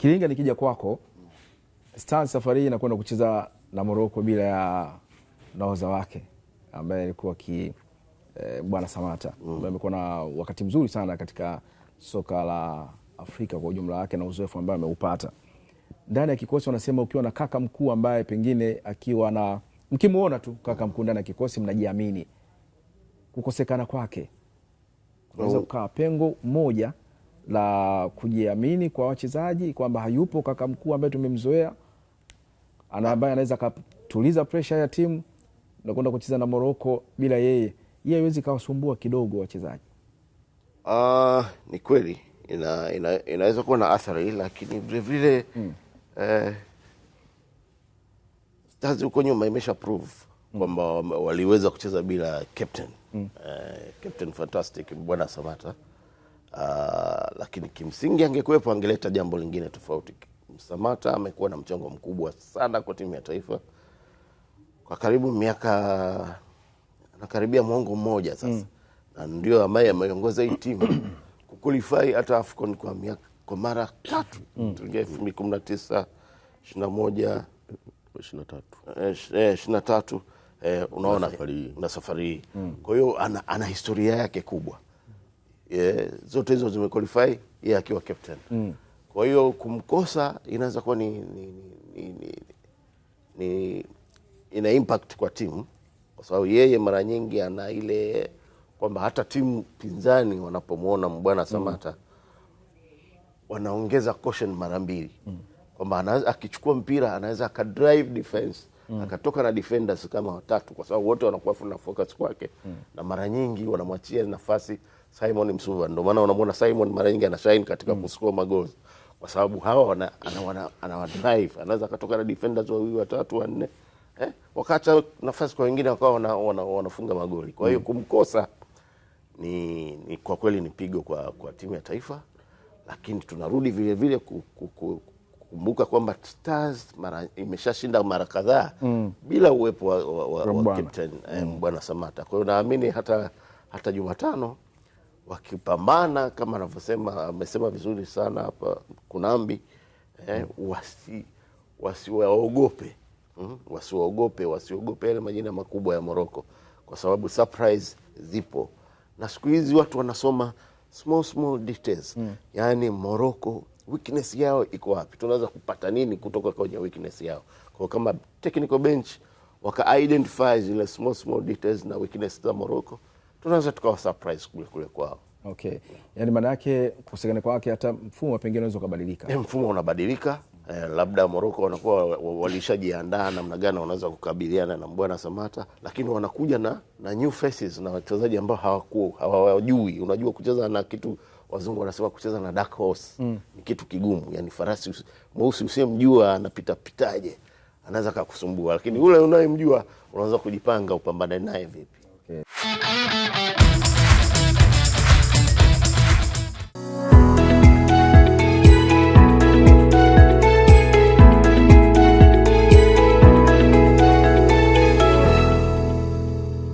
Kiringa nikija kwako, Stars safari hii inakwenda kucheza na Morocco bila ya naoza wake ambaye alikuwa ki e, Bwana Samata ambaye mm. amekuwa na wakati mzuri sana katika soka la Afrika kwa ujumla wake na uzoefu ambaye ameupata ndani ya kikosi. Wanasema ukiwa na kaka mkuu ambaye pengine akiwa na mkimuona tu kaka mkuu ndani ya kikosi mnajiamini, kukosekana kwake kunaweza kukaa pengo moja la kujiamini kwa wachezaji kwamba hayupo kaka mkuu ambaye tumemzoea ambaye anaweza akatuliza presha ya timu na kwenda kucheza na Moroko bila yeye, hiye haiwezi kawasumbua kidogo wachezaji. Uh, ni kweli ina, ina, inaweza kuwa na athari, lakini vilevile mm. eh, huko nyuma imesha prove mm. kwamba waliweza kucheza bila captain mm. eh, captain fantastic Bwana Samata Uh, lakini kimsingi angekuwepo angeleta jambo lingine tofauti. Msamata amekuwa na mchango mkubwa sana kwa timu ya taifa kwa karibu miaka nakaribia mwongo mmoja sasa mm. na ndio ambaye ameongoza hii timu kukulifai hata AFCON kwa miaka kwa mara tatu mm. tuingia elfu mbili kumi na tisa ishirini na moja ishirini na tatu eh, eh, eh, unaona na safari hii mm. kwa hiyo ana, ana historia yake kubwa yeah, zote hizo zimequalify yeye yeah, akiwa captain mm. Kwa hiyo kumkosa inaweza kuwa ni, ni, ni, ni, ni ina impact kwa timu kwa sababu yeye mara nyingi ana ile kwamba hata timu pinzani wanapomwona Mbwana Samata mm. wanaongeza caution mara mbili mm. kwamba akichukua mpira anaweza akadrive defense mm. akatoka na defenders kama watatu, kwa sababu wote wanakuwa na focus kwake mm. na mara nyingi wanamwachia nafasi Simon Msuva. Ndio maana unamwona Simon mara nyingi anashine katika mm. kuscore magoli kwa sababu hawa wana, ana, anawana, anawa drive anaweza katoka na defenders wawili watatu wanne eh, wakaacha nafasi kwa wengine wakawa wana, wana, wanafunga magoli. Kwa hiyo mm. kumkosa ni, ni kwa kweli ni pigo kwa, kwa timu ya taifa, lakini tunarudi vile vile kukumbuka kwamba Stars mara imeshashinda mara kadhaa mm. bila uwepo wa, wa, wa, wa Captain eh, mm. Bwana Samata. Kwa hiyo naamini hata hata Jumatano wakipambana kama anavyosema amesema vizuri sana hapa Kunambi eh, wasi wasiwaogope mm, wasiwaogope wasiogope yale majina makubwa ya Moroko kwa sababu surprise zipo, na siku hizi watu wanasoma small small details mm. yani Moroko weakness yao iko wapi, tunaweza kupata nini kutoka kwenye weakness yao. Kwa kama technical bench waka identify zile small small details na weakness za Moroko tunaweza tukawa surprise kule kule kwao. Okay. Yaani maana yake kukosekana kwake hata mfumo pengine unaweza kubadilika. E, eh, mfumo unabadilika. E, labda Morocco wanakuwa walishajiandaa namna gani wanaweza kukabiliana na Mbwana Samata, lakini wanakuja na, na new faces na wachezaji ambao hawakuwa hawajui. Unajua kucheza na kitu wazungu wanasema kucheza na dark horse mm. ni kitu kigumu, yani farasi mweusi usiyemjua anapita pitaje, anaweza kakusumbua, lakini ule unayemjua unaweza kujipanga upambane naye vipi. えー